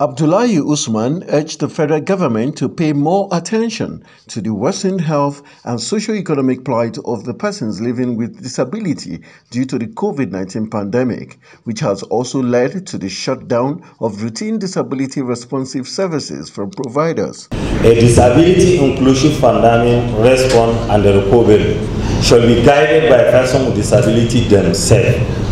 Abdullahi Usman urged the federal government to pay more attention to the worsened health and socio-economic plight of the persons living with disability due to the COVID-19 pandemic, which has also led to the shutdown of routine disability responsive services from providers. A disability inclusive pandemic response and recovery should be guided by persons with disability themselves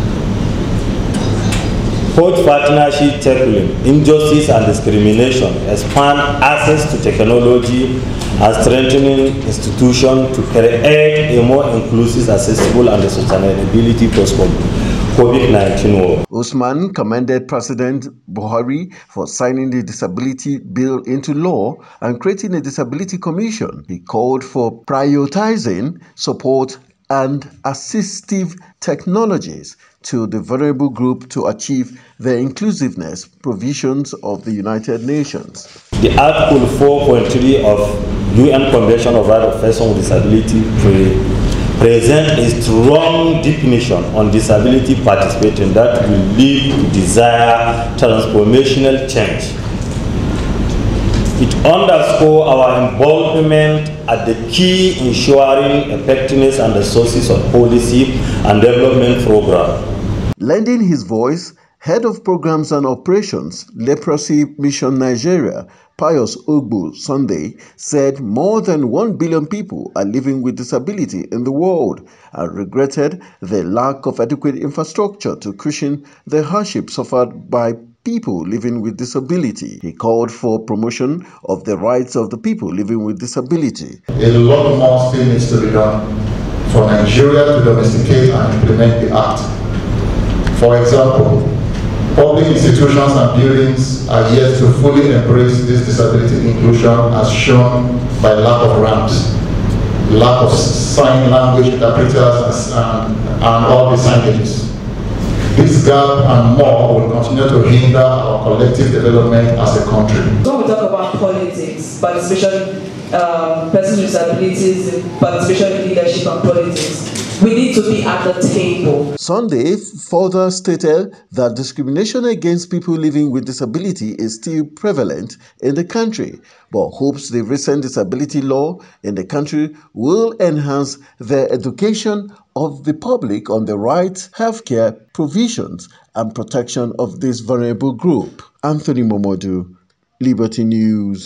Forge partnership tackling injustice and discrimination, expand access to technology and strengthening institutions to create a more inclusive, accessible and sustainability post-COVID. 19 world. Usman commended President Buhari for signing the disability bill into law and creating a disability commission. He called for prioritizing support and assistive technologies to the vulnerable group to achieve the inclusiveness provisions of the United Nations. The Article 4.3 of UN Convention of Rights of Persons with Disability pre- presents a strong definition on disability participating that will lead to desired transformational change it underscores our involvement at the key ensuring effectiveness and the sources of policy and development program. Lending his voice, Head of Programs and Operations, Leprosy Mission Nigeria, Pius Ogbu Sunday, said more than 1 billion people are living with disability in the world and regretted the lack of adequate infrastructure to cushion the hardship suffered by people living with disability. He called for promotion of the rights of the people living with disability. A lot more still needs to be done for Nigeria to domesticate and implement the act. For example, public institutions and buildings are yet to fully embrace this disability inclusion as shown by lack of ramps, lack of sign language interpreters and, and all the signages. This gap and more will continue to hinder our collective development as a country. So we talk about politics, participation, um, persons with disabilities, participation in leadership and politics to be at the table. Sunday further stated that discrimination against people living with disability is still prevalent in the country, but hopes the recent disability law in the country will enhance the education of the public on the rights, healthcare provisions, and protection of this vulnerable group. Anthony Momodu, Liberty News.